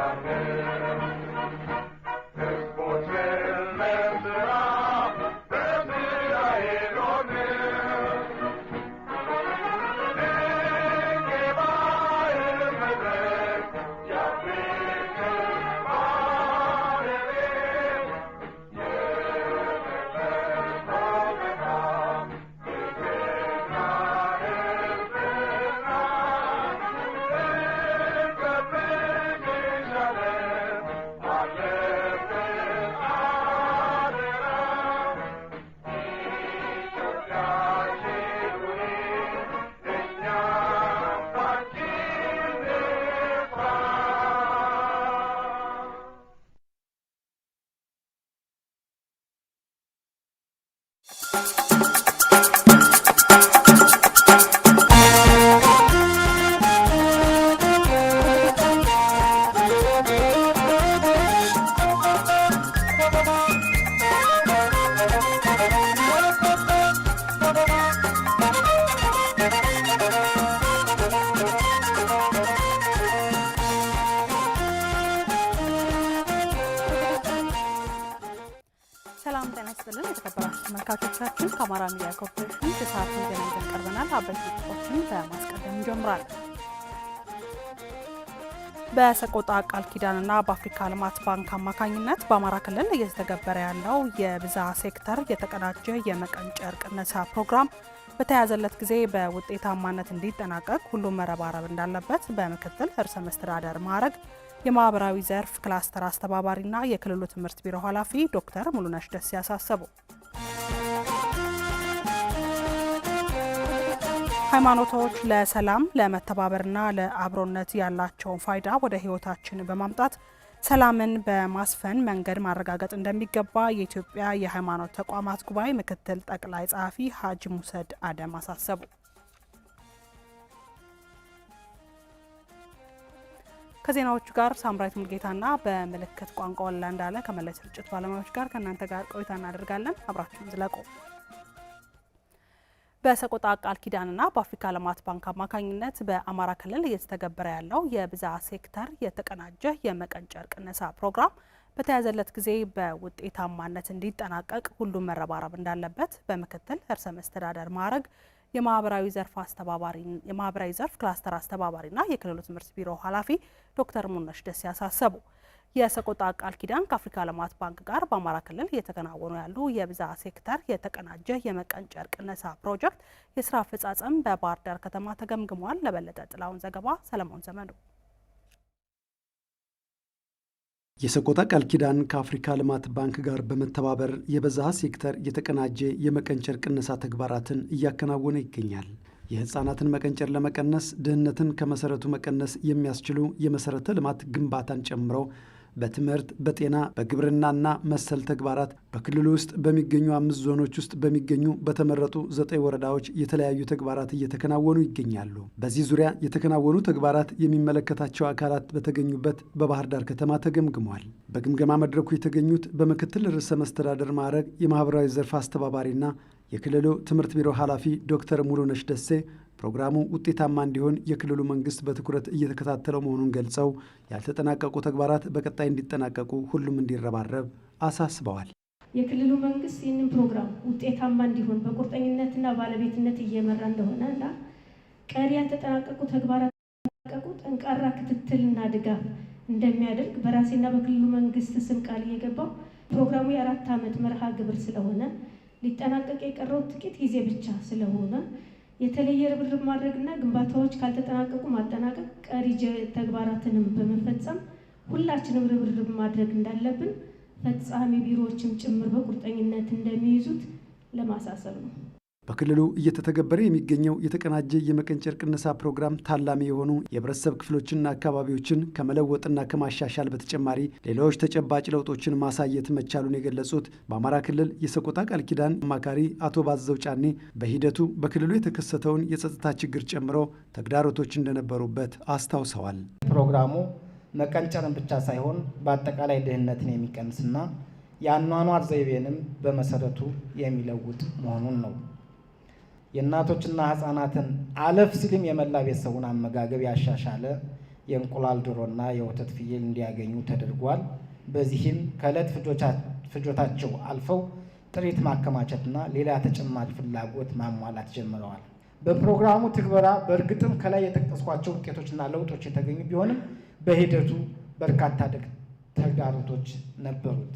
Amém. ሰላም ጤና ይስጥልን የተከበራችሁ ተመልካቾቻችን፣ ከአማራ ሚዲያ ኮርፖሬሽን የሰዓቱ ዜና ይዘን ቀርበናል። አበይት ነጥቦችን በማስቀደም እንጀምራለን። በሰቆጣ ቃል ኪዳንና በአፍሪካ ልማት ባንክ አማካኝነት በአማራ ክልል እየተተገበረ ያለው የብዛ ሴክተር የተቀናጀ የመቀንጨር ቅነሳ ፕሮግራም በተያዘለት ጊዜ በውጤታማነት እንዲጠናቀቅ ሁሉም መረባረብ እንዳለበት በምክትል ርዕሰ መስተዳደር ማዕረግ የማህበራዊ ዘርፍ ክላስተር አስተባባሪና የክልሉ ትምህርት ቢሮ ኃላፊ ዶክተር ሙሉነሽ ደሴ ያሳሰቡ። ሃይማኖቶች ለሰላም ለመተባበርና ለአብሮነት ያላቸውን ፋይዳ ወደ ህይወታችን በማምጣት ሰላምን በማስፈን መንገድ ማረጋገጥ እንደሚገባ የኢትዮጵያ የሃይማኖት ተቋማት ጉባኤ ምክትል ጠቅላይ ጸሐፊ ሀጅ ሙሰድ አደም አሳሰቡ። ከዜናዎቹ ጋር ሳምራዊት ሙልጌታና በምልክት ቋንቋ ወላ እንዳለ ከመላይ ስርጭት ባለሙያዎች ጋር ከእናንተ ጋር ቆይታ እናደርጋለን። አብራችሁን ዝለቁ። በሰቆጣ ቃል ኪዳንና በአፍሪካ ልማት ባንክ አማካኝነት በአማራ ክልል እየተተገበረ ያለው የብዛ ሴክተር የተቀናጀ የመቀንጨር ቅነሳ ፕሮግራም በተያዘለት ጊዜ በውጤታማነት እንዲጠናቀቅ ሁሉም መረባረብ እንዳለበት በምክትል እርሰ መስተዳደር ማዕረግ የማህበራዊ ዘርፍ አስተባባሪ የማህበራዊ ዘርፍ ክላስተር አስተባባሪና የክልሉ ትምህርት ቢሮ ኃላፊ ዶክተር ሙነሽ ደሴ ያሳሰቡ የሰቆጣ ቃል ኪዳን ከአፍሪካ ልማት ባንክ ጋር በአማራ ክልል እየተከናወኑ ያሉ የብዛ ሴክተር የተቀናጀ ጨርቅ ነሳ ፕሮጀክት የስራ አፈጻጸም በባህር ዳር ከተማ ተገምግሟል። ለበለጠ ጥላውን ዘገባ ሰለሞን ዘመኑ የሰቆጣ ቃል ኪዳን ከአፍሪካ ልማት ባንክ ጋር በመተባበር የበዝሃ ሴክተር የተቀናጀ የመቀንጨር ቅነሳ ተግባራትን እያከናወነ ይገኛል። የህፃናትን መቀንጨር ለመቀነስ ድህነትን ከመሰረቱ መቀነስ የሚያስችሉ የመሰረተ ልማት ግንባታን ጨምሮ በትምህርት፣ በጤና፣ በግብርናና መሰል ተግባራት በክልሉ ውስጥ በሚገኙ አምስት ዞኖች ውስጥ በሚገኙ በተመረጡ ዘጠኝ ወረዳዎች የተለያዩ ተግባራት እየተከናወኑ ይገኛሉ። በዚህ ዙሪያ የተከናወኑ ተግባራት የሚመለከታቸው አካላት በተገኙበት በባህር ዳር ከተማ ተገምግሟል። በግምገማ መድረኩ የተገኙት በምክትል ርዕሰ መስተዳደር ማዕረግ የማህበራዊ ዘርፍ አስተባባሪና የክልሉ ትምህርት ቢሮ ኃላፊ ዶክተር ሙሉነሽ ደሴ ፕሮግራሙ ውጤታማ እንዲሆን የክልሉ መንግስት በትኩረት እየተከታተለው መሆኑን ገልጸው ያልተጠናቀቁ ተግባራት በቀጣይ እንዲጠናቀቁ ሁሉም እንዲረባረብ አሳስበዋል። የክልሉ መንግስት ይህንን ፕሮግራም ውጤታማ እንዲሆን በቁርጠኝነትና ባለቤትነት እየመራ እንደሆነ እና ቀሪ ያልተጠናቀቁ ተግባራት ጠናቀቁ ጠንካራ ክትትልና ድጋፍ እንደሚያደርግ በራሴና በክልሉ መንግስት ስም ቃል እየገባው ፕሮግራሙ የአራት ዓመት መርሃ ግብር ስለሆነ ሊጠናቀቅ የቀረው ጥቂት ጊዜ ብቻ ስለሆነ የተለየ ርብርብ ማድረግና ግንባታዎች ካልተጠናቀቁ ማጠናቀቅ ቀሪ ተግባራትንም በመፈጸም ሁላችንም ርብርብ ማድረግ እንዳለብን ፈጻሚ ቢሮዎችም ጭምር በቁርጠኝነት እንደሚይዙት ለማሳሰብ ነው። በክልሉ እየተተገበረ የሚገኘው የተቀናጀ የመቀንጨር ቅነሳ ፕሮግራም ታላሚ የሆኑ የህብረተሰብ ክፍሎችና አካባቢዎችን ከመለወጥና ከማሻሻል በተጨማሪ ሌሎች ተጨባጭ ለውጦችን ማሳየት መቻሉን የገለጹት በአማራ ክልል የሰቆጣ ቃል ኪዳን አማካሪ አቶ ባዘው ጫኔ በሂደቱ በክልሉ የተከሰተውን የጸጥታ ችግር ጨምሮ ተግዳሮቶች እንደነበሩበት አስታውሰዋል። ፕሮግራሙ መቀንጨርን ብቻ ሳይሆን በአጠቃላይ ድህነትን የሚቀንስና የአኗኗር ዘይቤንም በመሰረቱ የሚለውጥ መሆኑን ነው የእናቶችና ህፃናትን አለፍ ሲልም የመላ ቤተሰቡን አመጋገብ ያሻሻለ የእንቁላል ዶሮና የወተት ፍየል እንዲያገኙ ተደርጓል። በዚህም ከዕለት ፍጆታቸው አልፈው ጥሪት ማከማቸትና ሌላ ተጨማሪ ፍላጎት ማሟላት ጀምረዋል። በፕሮግራሙ ትግበራ በእርግጥም ከላይ የጠቀስኳቸው ውጤቶችና ለውጦች የተገኙ ቢሆንም በሂደቱ በርካታ ተግዳሮቶች ነበሩት።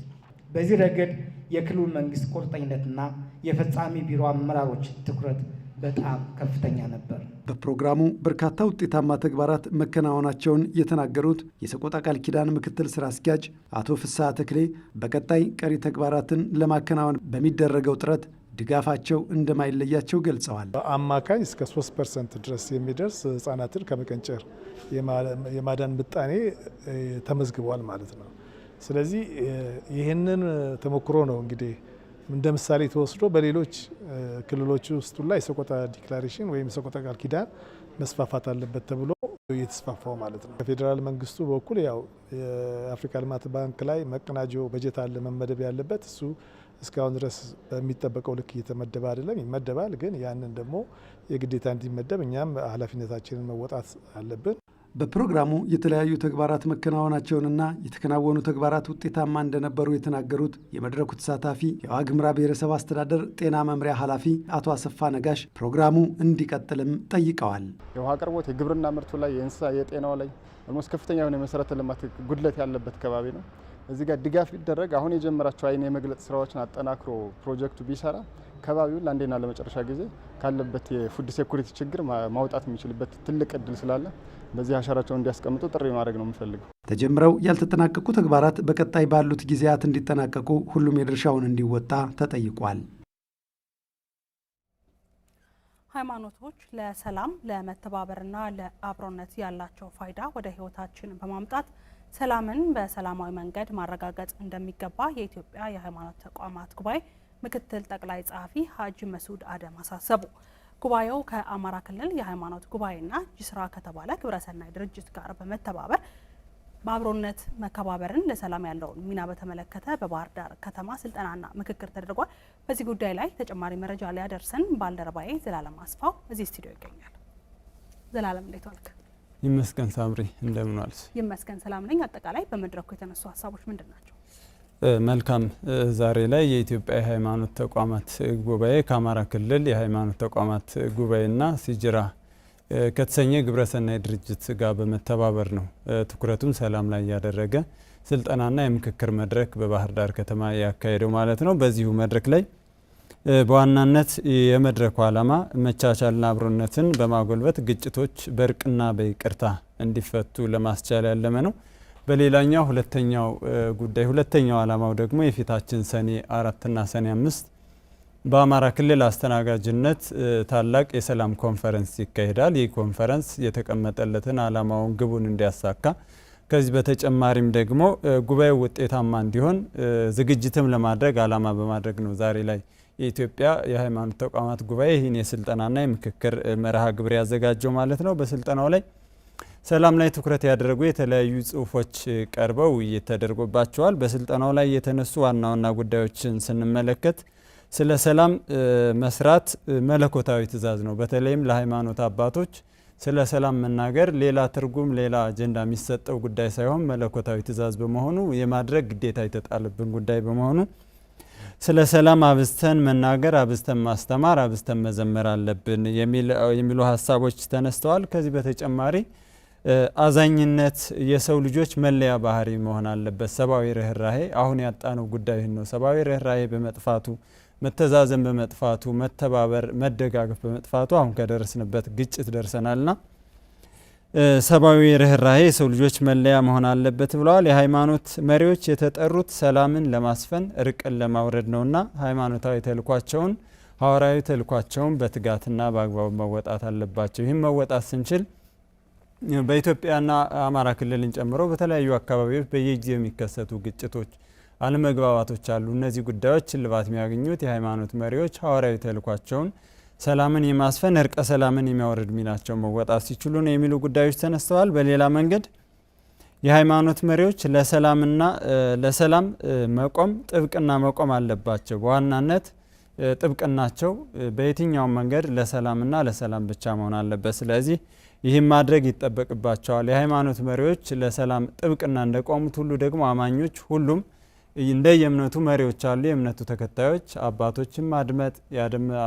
በዚህ ረገድ የክልሉ መንግስት ቁርጠኝነትና የፈጻሚ ቢሮ አመራሮች ትኩረት በጣም ከፍተኛ ነበር። በፕሮግራሙ በርካታ ውጤታማ ተግባራት መከናወናቸውን የተናገሩት የሰቆጣ ቃል ኪዳን ምክትል ስራ አስኪያጅ አቶ ፍስሐ ተክሌ በቀጣይ ቀሪ ተግባራትን ለማከናወን በሚደረገው ጥረት ድጋፋቸው እንደማይለያቸው ገልጸዋል። በአማካይ እስከ 3 ፐርሰንት ድረስ የሚደርስ ህጻናትን ከመቀንጨር የማዳን ምጣኔ ተመዝግቧል ማለት ነው። ስለዚህ ይህንን ተሞክሮ ነው እንግዲህ እንደ ምሳሌ ተወስዶ በሌሎች ክልሎች ውስጡ ላይ የሰቆጣ ዲክላሬሽን ወይም የሰቆጣ ቃል ኪዳን መስፋፋት አለበት ተብሎ የተስፋፋው ማለት ነው። ከፌዴራል መንግስቱ በኩል ያው የአፍሪካ ልማት ባንክ ላይ መቀናጆ በጀት አለ መመደብ ያለበት እሱ እስካሁን ድረስ በሚጠበቀው ልክ እየተመደበ አይደለም። ይመደባል፣ ግን ያንን ደግሞ የግዴታ እንዲመደብ እኛም ኃላፊነታችንን መወጣት አለብን። በፕሮግራሙ የተለያዩ ተግባራት መከናወናቸውንና የተከናወኑ ተግባራት ውጤታማ እንደነበሩ የተናገሩት የመድረኩ ተሳታፊ የዋግምራ ብሔረሰብ አስተዳደር ጤና መምሪያ ኃላፊ አቶ አሰፋ ነጋሽ ፕሮግራሙ እንዲቀጥልም ጠይቀዋል። የውሃ አቅርቦት፣ የግብርና ምርቱ ላይ፣ የእንስሳ የጤናው ላይ ኦልሞስት ከፍተኛ የሆነ የመሰረተ ልማት ጉድለት ያለበት ከባቢ ነው። እዚህ ጋር ድጋፍ ቢደረግ አሁን የጀመራቸው አይን የመግለጽ ስራዎችን አጠናክሮ ፕሮጀክቱ ቢሰራ ከባቢውን ለአንዴና ለመጨረሻ ጊዜ ካለበት የፉድ ሴኩሪቲ ችግር ማውጣት የሚችልበት ትልቅ እድል ስላለ በዚህ አሻራቸውን እንዲያስቀምጡ ጥሪ ማድረግ ነው የምፈልገው። ተጀምረው ያልተጠናቀቁ ተግባራት በቀጣይ ባሉት ጊዜያት እንዲጠናቀቁ ሁሉም የድርሻውን እንዲወጣ ተጠይቋል። ሃይማኖቶች ለሰላም ለመተባበርና ለአብሮነት ያላቸው ፋይዳ ወደ ህይወታችን በማምጣት ሰላምን በሰላማዊ መንገድ ማረጋገጥ እንደሚገባ የኢትዮጵያ የሃይማኖት ተቋማት ጉባኤ ምክትል ጠቅላይ ጸሐፊ ሀጂ መስዑድ አደም አሳሰቡ። ጉባኤው ከአማራ ክልል የሃይማኖት ጉባኤና ጅስራ ከተባለ ግብረሰናይ ድርጅት ጋር በመተባበር በአብሮነት መከባበርን ለሰላም ያለውን ሚና በተመለከተ በባህር ዳር ከተማ ስልጠናና ምክክር ተደርጓል። በዚህ ጉዳይ ላይ ተጨማሪ መረጃ ሊያደርሰን ባልደረባዬ ዘላለም አስፋው እዚህ ስቱዲዮ ይገኛል። ዘላለም እንዴት ዋልክ? ይመስገን ሳምሪ እንደምን ዋልሽ? ይመስገን ሰላም ነኝ። አጠቃላይ በመድረኩ የተነሱ ሀሳቦች ምንድን ናቸው? መልካም ዛሬ ላይ የኢትዮጵያ የሃይማኖት ተቋማት ጉባኤ ከአማራ ክልል የሃይማኖት ተቋማት ጉባኤና ሲጅራ ከተሰኘ ግብረሰናይ ድርጅት ጋር በመተባበር ነው ትኩረቱም ሰላም ላይ ያደረገ ስልጠናና የምክክር መድረክ በባህር ዳር ከተማ ያካሄደው ማለት ነው። በዚሁ መድረክ ላይ በዋናነት የመድረኩ ዓላማ መቻቻልና አብሮነትን በማጎልበት ግጭቶች በእርቅና በይቅርታ እንዲፈቱ ለማስቻል ያለመ ነው። በሌላኛው ሁለተኛው ጉዳይ ሁለተኛው ዓላማው ደግሞ የፊታችን ሰኔ አራትና ሰኔ አምስት በአማራ ክልል አስተናጋጅነት ታላቅ የሰላም ኮንፈረንስ ይካሄዳል። ይህ ኮንፈረንስ የተቀመጠለትን ዓላማውን ግቡን እንዲያሳካ ከዚህ በተጨማሪም ደግሞ ጉባኤው ውጤታማ እንዲሆን ዝግጅትም ለማድረግ ዓላማ በማድረግ ነው ዛሬ ላይ የኢትዮጵያ የሃይማኖት ተቋማት ጉባኤ ይህን የስልጠናና የምክክር መርሃ ግብር ያዘጋጀው ማለት ነው። በስልጠናው ላይ ሰላም ላይ ትኩረት ያደረጉ የተለያዩ ጽሁፎች ቀርበው ውይይት ተደርጎባቸዋል። በስልጠናው ላይ የተነሱ ዋና ዋና ጉዳዮችን ስንመለከት ስለ ሰላም መስራት መለኮታዊ ትእዛዝ ነው። በተለይም ለሃይማኖት አባቶች ስለ ሰላም መናገር ሌላ ትርጉም፣ ሌላ አጀንዳ የሚሰጠው ጉዳይ ሳይሆን መለኮታዊ ትእዛዝ በመሆኑ የማድረግ ግዴታ የተጣለብን ጉዳይ በመሆኑ ስለ ሰላም አብዝተን መናገር፣ አብዝተን ማስተማር፣ አብዝተን መዘመር አለብን የሚሉ ሀሳቦች ተነስተዋል። ከዚህ በተጨማሪ አዛኝነት የሰው ልጆች መለያ ባህሪ መሆን አለበት። ሰብአዊ ርኅራሄ አሁን ያጣነው ጉዳይ ነው። ሰብአዊ ርኅራሄ በመጥፋቱ መተዛዘን በመጥፋቱ መተባበር፣ መደጋገፍ በመጥፋቱ አሁን ከደረስንበት ግጭት ደርሰናልና ሰብአዊ ርኅራሄ የሰው ልጆች መለያ መሆን አለበት ብለዋል። የሃይማኖት መሪዎች የተጠሩት ሰላምን ለማስፈን እርቅን ለማውረድ ነውና ሃይማኖታዊ ተልኳቸውን ሐዋርያዊ ተልኳቸውን በትጋትና በአግባቡ መወጣት አለባቸው። ይህም መወጣት ስንችል በኢትዮጵያና አማራ ክልልን ጨምሮ በተለያዩ አካባቢዎች በየጊዜው የሚከሰቱ ግጭቶች፣ አለመግባባቶች አሉ። እነዚህ ጉዳዮች እልባት የሚያገኙት የሃይማኖት መሪዎች ሐዋርያዊ ተልኳቸውን ሰላምን የማስፈን እርቀ ሰላምን የሚያወርድ ሚናቸው መወጣት ሲችሉ ነው የሚሉ ጉዳዮች ተነስተዋል። በሌላ መንገድ የሃይማኖት መሪዎች ለሰላምና ለሰላም መቆም ጥብቅና መቆም አለባቸው። በዋናነት ጥብቅናቸው በየትኛውም መንገድ ለሰላምና ለሰላም ብቻ መሆን አለበት። ስለዚህ ይህም ማድረግ ይጠበቅባቸዋል። የሃይማኖት መሪዎች ለሰላም ጥብቅና እንደቆሙት ሁሉ ደግሞ አማኞች ሁሉም እንደ የእምነቱ መሪዎች አሉ። የእምነቱ ተከታዮች አባቶችን ማድመጥ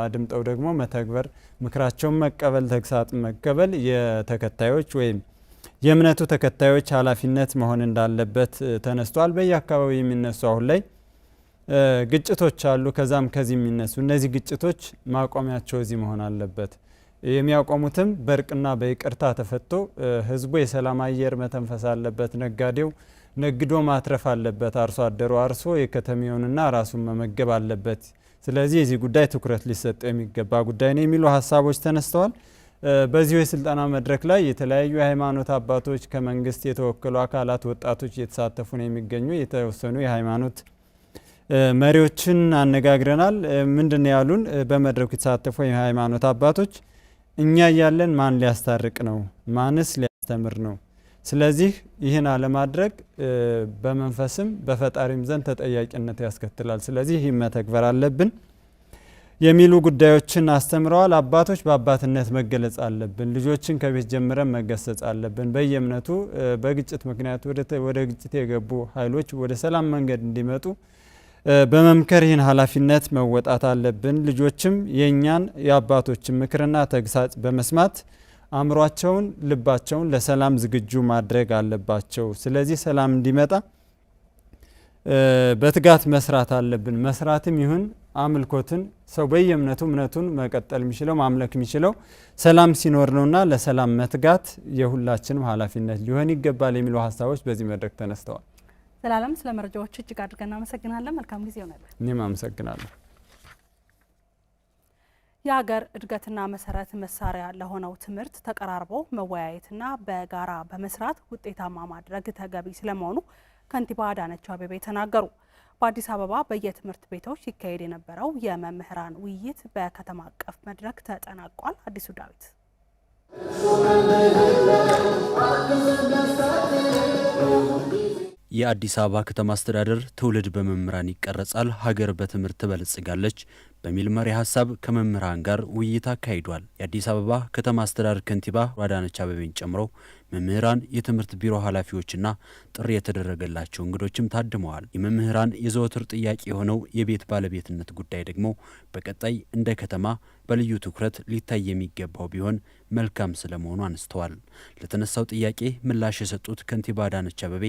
አድምጠው ደግሞ መተግበር፣ ምክራቸውን መቀበል፣ ተግሳጥ መቀበል የተከታዮች ወይም የእምነቱ ተከታዮች ኃላፊነት መሆን እንዳለበት ተነስቷል። በየአካባቢው የሚነሱ አሁን ላይ ግጭቶች አሉ። ከዛም ከዚህ የሚነሱ እነዚህ ግጭቶች ማቆሚያቸው እዚህ መሆን አለበት። የሚያቆሙትም በእርቅና በይቅርታ ተፈቶ ህዝቡ የሰላም አየር መተንፈስ አለበት። ነጋዴው ነግዶ ማትረፍ አለበት። አርሶ አደሩ አርሶ የከተማውንና ራሱን መመገብ አለበት። ስለዚህ የዚህ ጉዳይ ትኩረት ሊሰጠው የሚገባ ጉዳይ ነው የሚሉ ሀሳቦች ተነስተዋል። በዚሁ የስልጠና መድረክ ላይ የተለያዩ የሃይማኖት አባቶች፣ ከመንግስት የተወከሉ አካላት፣ ወጣቶች እየተሳተፉ ነው የሚገኙ። የተወሰኑ የሃይማኖት መሪዎችን አነጋግረናል። ምንድን ነው ያሉን? በመድረኩ የተሳተፉ የሃይማኖት አባቶች እኛ እያለን ማን ሊያስታርቅ ነው? ማንስ ሊያስተምር ነው? ስለዚህ ይህን አለማድረግ በመንፈስም በፈጣሪም ዘንድ ተጠያቂነት ያስከትላል። ስለዚህ ይህ መተግበር አለብን የሚሉ ጉዳዮችን አስተምረዋል። አባቶች በአባትነት መገለጽ አለብን። ልጆችን ከቤት ጀምረን መገሰጽ አለብን። በየእምነቱ በግጭት ምክንያት ወደ ግጭት የገቡ ኃይሎች ወደ ሰላም መንገድ እንዲመጡ በመምከር ይህን ኃላፊነት መወጣት አለብን። ልጆችም የእኛን የአባቶችን ምክርና ተግሳጽ በመስማት አእምሯቸውን፣ ልባቸውን ለሰላም ዝግጁ ማድረግ አለባቸው። ስለዚህ ሰላም እንዲመጣ በትጋት መስራት አለብን። መስራትም ይሁን አምልኮትን ሰው በየእምነቱ እምነቱን መቀጠል የሚችለው ማምለክ የሚችለው ሰላም ሲኖር ነውና ለሰላም መትጋት የሁላችንም ኃላፊነት ሊሆን ይገባል የሚሉ ሀሳቦች በዚህ መድረክ ተነስተዋል። ዘላለም ስለ መረጃዎች እጅግ አድርገን እናመሰግናለን። መልካም ጊዜ ይሆናል። እኔም አመሰግናለሁ። የሀገር እድገትና መሰረት መሳሪያ ለሆነው ትምህርት ተቀራርቦ መወያየትና በጋራ በመስራት ውጤታማ ማድረግ ተገቢ ስለመሆኑ ከንቲባ አዳነች አቤቤ ተናገሩ። በአዲስ አበባ በየትምህርት ቤቶች ሲካሄድ የነበረው የመምህራን ውይይት በከተማ አቀፍ መድረክ ተጠናቋል። አዲሱ ዳዊት የአዲስ አበባ ከተማ አስተዳደር ትውልድ በመምህራን ይቀረጻል፣ ሀገር በትምህርት ትበለጽጋለች በሚል መሪ ሀሳብ ከመምህራን ጋር ውይይት አካሂዷል። የአዲስ አበባ ከተማ አስተዳደር ከንቲባ አዳነች አበቤን ጨምሮ መምህራን፣ የትምህርት ቢሮ ኃላፊዎችና ጥሪ የተደረገላቸው እንግዶችም ታድመዋል። የመምህራን የዘወትር ጥያቄ የሆነው የቤት ባለቤትነት ጉዳይ ደግሞ በቀጣይ እንደ ከተማ በልዩ ትኩረት ሊታይ የሚገባው ቢሆን መልካም ስለመሆኑ አንስተዋል። ለተነሳው ጥያቄ ምላሽ የሰጡት ከንቲባ አዳነች አበቤ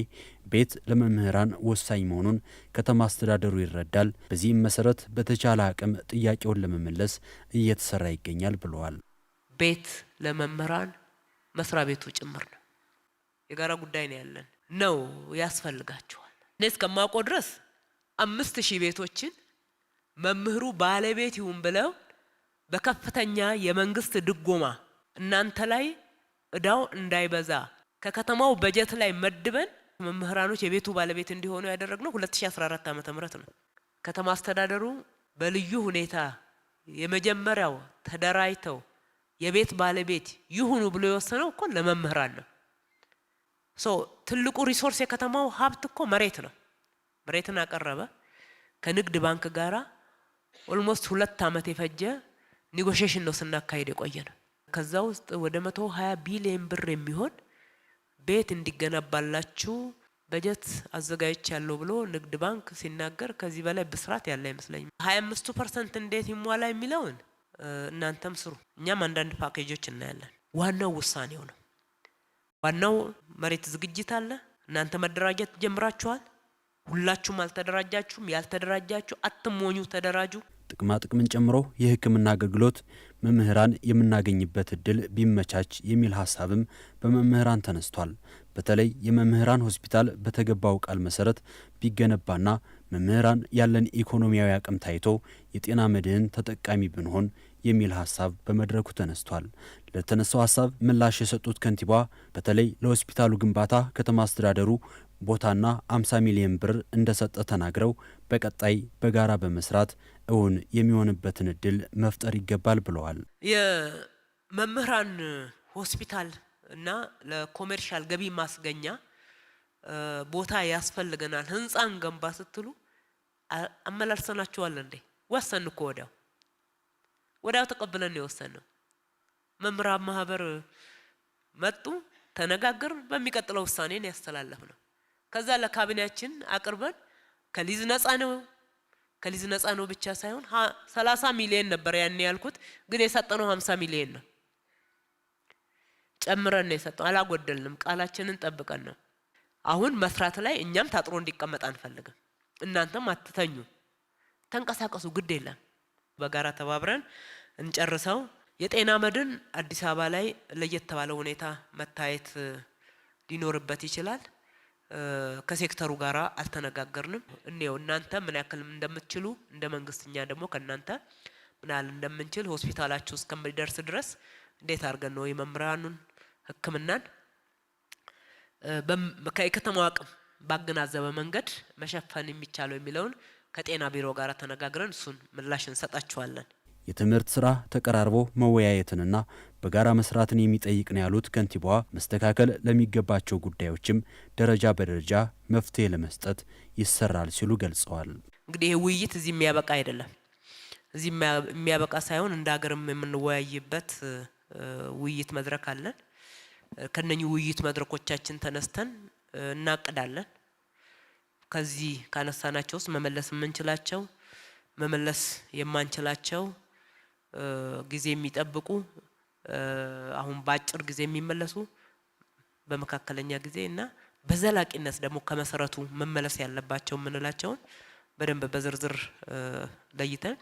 ቤት ለመምህራን ወሳኝ መሆኑን ከተማ አስተዳደሩ ይረዳል። በዚህም መሰረት በተቻለ አቅም ጥያቄውን ለመመለስ እየተሰራ ይገኛል ብለዋል። ቤት ለመምህራን መስሪያ ቤቱ ጭምር ነው። የጋራ ጉዳይ ነው ያለን ነው ያስፈልጋቸዋል። እኔ እስከማውቀው ድረስ አምስት ሺህ ቤቶችን መምህሩ ባለቤት ይሁን ብለው በከፍተኛ የመንግስት ድጎማ እናንተ ላይ እዳው እንዳይበዛ ከከተማው በጀት ላይ መድበን መምህራኖች የቤቱ ባለቤት እንዲሆኑ ያደረግነው 2014 ዓ.ም ነው። ከተማ አስተዳደሩ በልዩ ሁኔታ የመጀመሪያው ተደራጅተው የቤት ባለቤት ይሁኑ ብሎ የወሰነው እኮ ለመምህራን ነው። ሶ ትልቁ ሪሶርስ የከተማው ሀብት እኮ መሬት ነው። መሬትን አቀረበ። ከንግድ ባንክ ጋራ ኦልሞስት ሁለት ዓመት የፈጀ ኔጎሽሽን ነው ስናካሄድ የቆየ ነው። ከዛ ውስጥ ወደ መቶ ሀያ ቢሊየን ብር የሚሆን ቤት እንዲገነባላችሁ በጀት አዘጋጅች ያለው ብሎ ንግድ ባንክ ሲናገር ከዚህ በላይ ብስራት ያለ አይመስለኝም። ሀያ አምስቱ ፐርሰንት እንዴት ይሟላ የሚለውን እናንተም ስሩ፣ እኛም አንዳንድ ፓኬጆች እናያለን። ዋናው ውሳኔው ነው። ዋናው መሬት ዝግጅት አለ። እናንተ መደራጀት ጀምራችኋል። ሁላችሁም አልተደራጃችሁም። ያልተደራጃችሁ አትሞኙ፣ ተደራጁ። ጥቅማ ጥቅምን ጨምሮ የሕክምና አገልግሎት መምህራን የምናገኝበት እድል ቢመቻች የሚል ሀሳብም በመምህራን ተነስቷል። በተለይ የመምህራን ሆስፒታል በተገባው ቃል መሰረት ቢገነባና መምህራን ያለን ኢኮኖሚያዊ አቅም ታይቶ የጤና መድህን ተጠቃሚ ብንሆን የሚል ሀሳብ በመድረኩ ተነስቷል። ለተነሳው ሀሳብ ምላሽ የሰጡት ከንቲባ በተለይ ለሆስፒታሉ ግንባታ ከተማ አስተዳደሩ ቦታና 50 ሚሊዮን ብር እንደሰጠ ተናግረው በቀጣይ በጋራ በመስራት እውን የሚሆንበትን እድል መፍጠር ይገባል ብለዋል። የመምህራን ሆስፒታል እና ለኮሜርሻል ገቢ ማስገኛ ቦታ ያስፈልገናል፣ ህንፃን ገንባ ስትሉ አመላልሰናችኋል እንዴ? ወሰን እኮ ወዲያው ወዲያው ተቀብለን ነው የወሰነው። መምህራን ማህበር መጡ፣ ተነጋገር፣ በሚቀጥለው ውሳኔን ያስተላለፍ ነው። ከዛ ለካቢኔያችን አቅርበን ከሊዝ ነፃ ነው ከሊዝ ነፃ ነው ብቻ ሳይሆን 30 ሚሊዮን ነበር ያን ያልኩት፣ ግን የሰጠነው 50 ሚሊዮን ነው። ጨምረን ነው የሰጠነው፣ አላጎደልንም። ቃላችንን ጠብቀን ነው። አሁን መስራት ላይ እኛም ታጥሮ እንዲቀመጥ አንፈልግም። እናንተም አትተኙ፣ ተንቀሳቀሱ፣ ግድ የለም። በጋራ ተባብረን እንጨርሰው። የጤና መድን አዲስ አበባ ላይ ለየት ባለ ሁኔታ መታየት ሊኖርበት ይችላል። ከሴክተሩ ጋር አልተነጋገርንም። እኔው እናንተ ምን ያክል እንደምትችሉ እንደ መንግስትኛ ደግሞ ከእናንተ ምን ያህል እንደምንችል ሆስፒታላችሁ እስከሚደርስ ድረስ እንዴት አድርገን ነው የመምህራኑን ሕክምናን ከከተማው አቅም ባገናዘበ መንገድ መሸፈን የሚቻለው የሚለውን ከጤና ቢሮ ጋር ተነጋግረን እሱን ምላሽ እንሰጣችኋለን። የትምህርት ስራ ተቀራርቦ መወያየትንና በጋራ መስራትን የሚጠይቅ ነው ያሉት ከንቲባዋ፣ መስተካከል ለሚገባቸው ጉዳዮችም ደረጃ በደረጃ መፍትሄ ለመስጠት ይሰራል ሲሉ ገልጸዋል። እንግዲህ ይህ ውይይት እዚህ የሚያበቃ አይደለም። እዚህ የሚያበቃ ሳይሆን እንደ ሀገርም የምንወያይበት ውይይት መድረክ አለን። ከነኚህ ውይይት መድረኮቻችን ተነስተን እናቅዳለን። ከዚህ ካነሳናቸው ውስጥ መመለስ የምንችላቸው መመለስ የማንችላቸው ጊዜ የሚጠብቁ አሁን በአጭር ጊዜ የሚመለሱ በመካከለኛ ጊዜ እና በዘላቂነት ደግሞ ከመሰረቱ መመለስ ያለባቸው የምንላቸውን በደንብ በዝርዝር ለይተን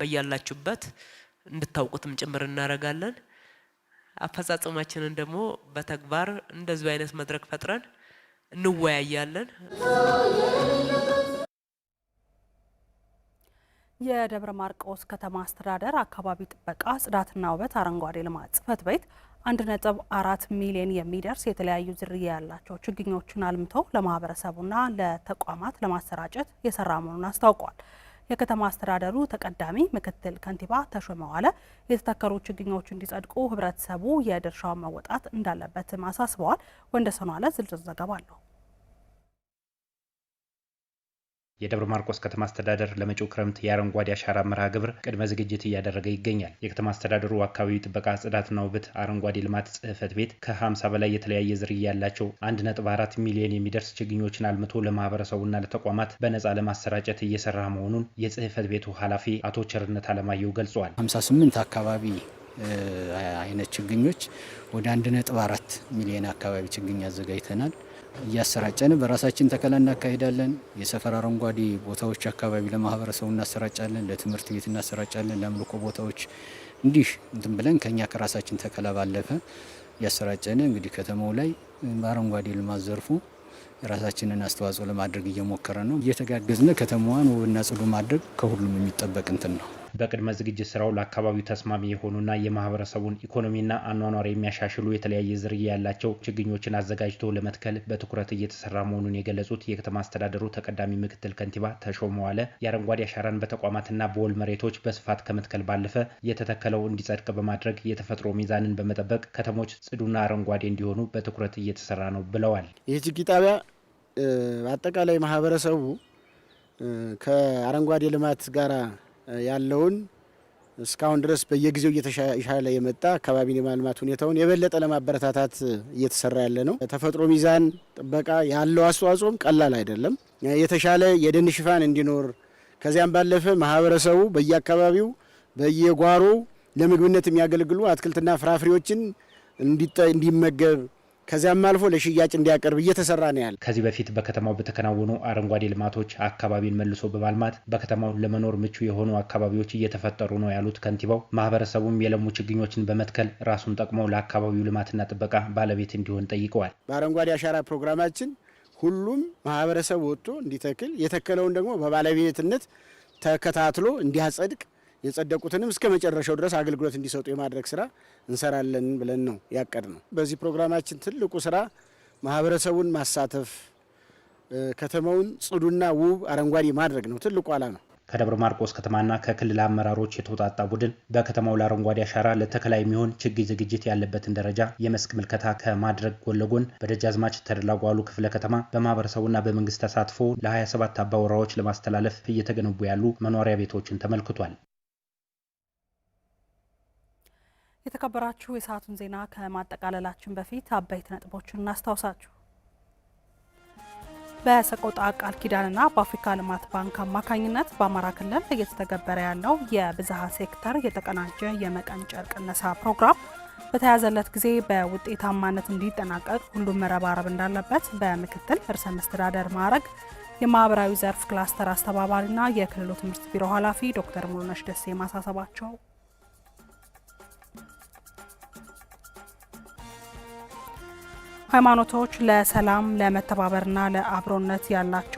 በያላችሁበት እንድታውቁትም ጭምር እናደርጋለን። አፈጻጸማችንን ደግሞ በተግባር እንደዚሁ አይነት መድረክ ፈጥረን እንወያያለን። የደብረ ማርቆስ ከተማ አስተዳደር አካባቢ ጥበቃ ጽዳትና ውበት አረንጓዴ ልማት ጽህፈት ቤት አንድ ነጥብ አራት ሚሊዮን የሚደርስ የተለያዩ ዝርያ ያላቸው ችግኞችን አልምቶ ለማህበረሰቡና ለተቋማት ለማሰራጨት የሰራ መሆኑን አስታውቋል። የከተማ አስተዳደሩ ተቀዳሚ ምክትል ከንቲባ ተሾመ ዋለ የተተከሉ ችግኞች እንዲጸድቁ ህብረተሰቡ የድርሻውን መወጣት እንዳለበትም አሳስበዋል። ወንደሰኗ ዋለ ዝርዝር ዘገባ አለው። የደብረ ማርቆስ ከተማ አስተዳደር ለመጪው ክረምት የአረንጓዴ አሻራ መርሃ ግብር ቅድመ ዝግጅት እያደረገ ይገኛል። የከተማ አስተዳደሩ አካባቢ ጥበቃ፣ ጽዳትና ውበት አረንጓዴ ልማት ጽህፈት ቤት ከ50 በላይ የተለያየ ዝርያ ያላቸው 1.4 ሚሊዮን የሚደርስ ችግኞችን አልምቶ ለማህበረሰቡና ለተቋማት በነፃ ለማሰራጨት እየሰራ መሆኑን የጽህፈት ቤቱ ኃላፊ አቶ ቸርነት አለማየሁ ገልጸዋል። 58 አካባቢ አይነት ችግኞች ወደ 1.4 ሚሊዮን አካባቢ ችግኝ አዘጋጅተናል። እያሰራጨን በራሳችን ተከላ እናካሄዳለን። የሰፈር አረንጓዴ ቦታዎች አካባቢ ለማህበረሰቡ እናሰራጫለን፣ ለትምህርት ቤት እናሰራጫለን፣ ለአምልኮ ቦታዎች እንዲህ እንትን ብለን ከኛ ከራሳችን ተከላ ባለፈ እያሰራጨን እንግዲህ ከተማው ላይ በአረንጓዴ ልማት ዘርፉ የራሳችንን አስተዋጽኦ ለማድረግ እየሞከረ ነው። እየተጋገዝነ ከተማዋን ውብና ጽዱ ማድረግ ከሁሉም የሚጠበቅ እንትን ነው። በቅድመ ዝግጅት ስራው ለአካባቢው ተስማሚ የሆኑና የማህበረሰቡን ኢኮኖሚና አኗኗር የሚያሻሽሉ የተለያየ ዝርያ ያላቸው ችግኞችን አዘጋጅቶ ለመትከል በትኩረት እየተሰራ መሆኑን የገለጹት የከተማ አስተዳደሩ ተቀዳሚ ምክትል ከንቲባ ተሾመ ዋለ የአረንጓዴ አሻራን በተቋማትና በወል መሬቶች በስፋት ከመትከል ባለፈ የተተከለው እንዲጸድቅ በማድረግ የተፈጥሮ ሚዛንን በመጠበቅ ከተሞች ጽዱና አረንጓዴ እንዲሆኑ በትኩረት እየተሰራ ነው ብለዋል። ይህ ችግኝ ጣቢያ አጠቃላይ ማህበረሰቡ ከአረንጓዴ ልማት ጋር ያለውን እስካሁን ድረስ በየጊዜው እየተሻለ የመጣ አካባቢን የማልማት ሁኔታውን የበለጠ ለማበረታታት እየተሰራ ያለ ነው። ተፈጥሮ ሚዛን ጥበቃ ያለው አስተዋጽኦም ቀላል አይደለም። የተሻለ የደን ሽፋን እንዲኖር ከዚያም ባለፈ ማህበረሰቡ በየአካባቢው በየጓሮ ለምግብነት የሚያገለግሉ አትክልትና ፍራፍሬዎችን እንዲመገብ ከዚያም አልፎ ለሽያጭ እንዲያቀርብ እየተሰራ ነው ያለ። ከዚህ በፊት በከተማው በተከናወኑ አረንጓዴ ልማቶች አካባቢን መልሶ በማልማት በከተማው ለመኖር ምቹ የሆኑ አካባቢዎች እየተፈጠሩ ነው ያሉት ከንቲባው፣ ማህበረሰቡም የለሙ ችግኞችን በመትከል ራሱን ጠቅሞ ለአካባቢው ልማትና ጥበቃ ባለቤት እንዲሆን ጠይቀዋል። በአረንጓዴ አሻራ ፕሮግራማችን ሁሉም ማህበረሰብ ወጥቶ እንዲተክል የተከለውን ደግሞ በባለቤትነት ተከታትሎ እንዲያጸድቅ የጸደቁትንም እስከ መጨረሻው ድረስ አገልግሎት እንዲሰጡ የማድረግ ስራ እንሰራለን ብለን ነው ያቀድ ነው። በዚህ ፕሮግራማችን ትልቁ ስራ ማህበረሰቡን ማሳተፍ፣ ከተማውን ጽዱና ውብ አረንጓዴ ማድረግ ነው ትልቁ ዓላማ ነው። ከደብረ ማርቆስ ከተማና ከክልል አመራሮች የተውጣጣ ቡድን በከተማው ለአረንጓዴ አሻራ ለተከላ የሚሆን ችግኝ ዝግጅት ያለበትን ደረጃ የመስክ ምልከታ ከማድረግ ጎን ለጎን በደጃዝማች ተደላጓሉ ክፍለ ከተማ በማህበረሰቡና በመንግስት ተሳትፎ ለ27 አባወራዎች ለማስተላለፍ እየተገነቡ ያሉ መኖሪያ ቤቶችን ተመልክቷል። የተከበራችሁ የሰዓቱን ዜና ከማጠቃለላችን በፊት አበይት ነጥቦችን እናስታውሳችሁ። በሰቆጣ ቃል ኪዳንና በአፍሪካ ልማት ባንክ አማካኝነት በአማራ ክልል እየተተገበረ ያለው የብዝሃ ሴክተር የተቀናጀ የመቀንጨር ቅነሳ ፕሮግራም በተያዘለት ጊዜ በውጤታማነት እንዲጠናቀቅ ሁሉም መረባረብ እንዳለበት በምክትል ርዕሰ መስተዳደር ማዕረግ የማህበራዊ ዘርፍ ክላስተር አስተባባሪና የክልሉ ትምህርት ቢሮ ኃላፊ ዶክተር ሙሉነሽ ደሴ ማሳሰባቸው ሃይማኖቶች ለሰላም ለመተባበርና ለአብሮነት ያላቸው